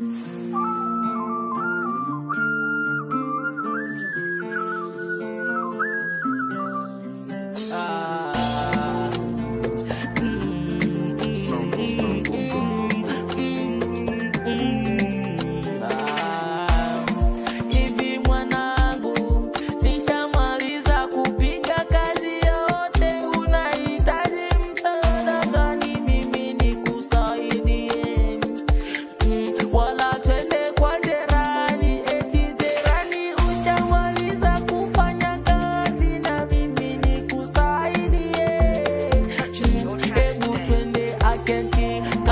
Thank you.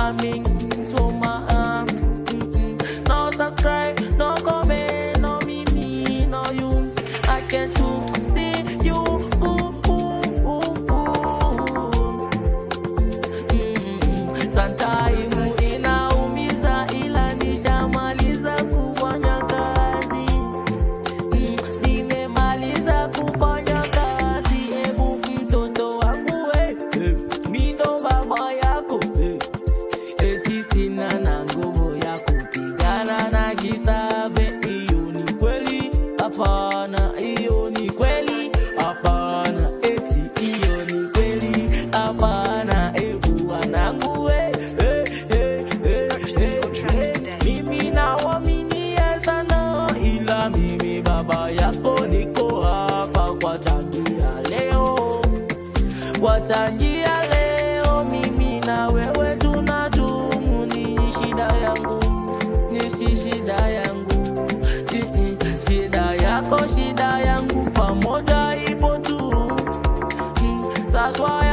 coming to my arm. No subscribe, no comment, no me, me, no you. I can't do see you. Mm-hmm. Santa. baba yako, niko hapa kwa tangia leo, kwa tangia leo, mimi na wewe tunadumu. ni shida yangu, ni shida yangu, shida yako, shida yangu, pamoja ipo tu. That's hmm, why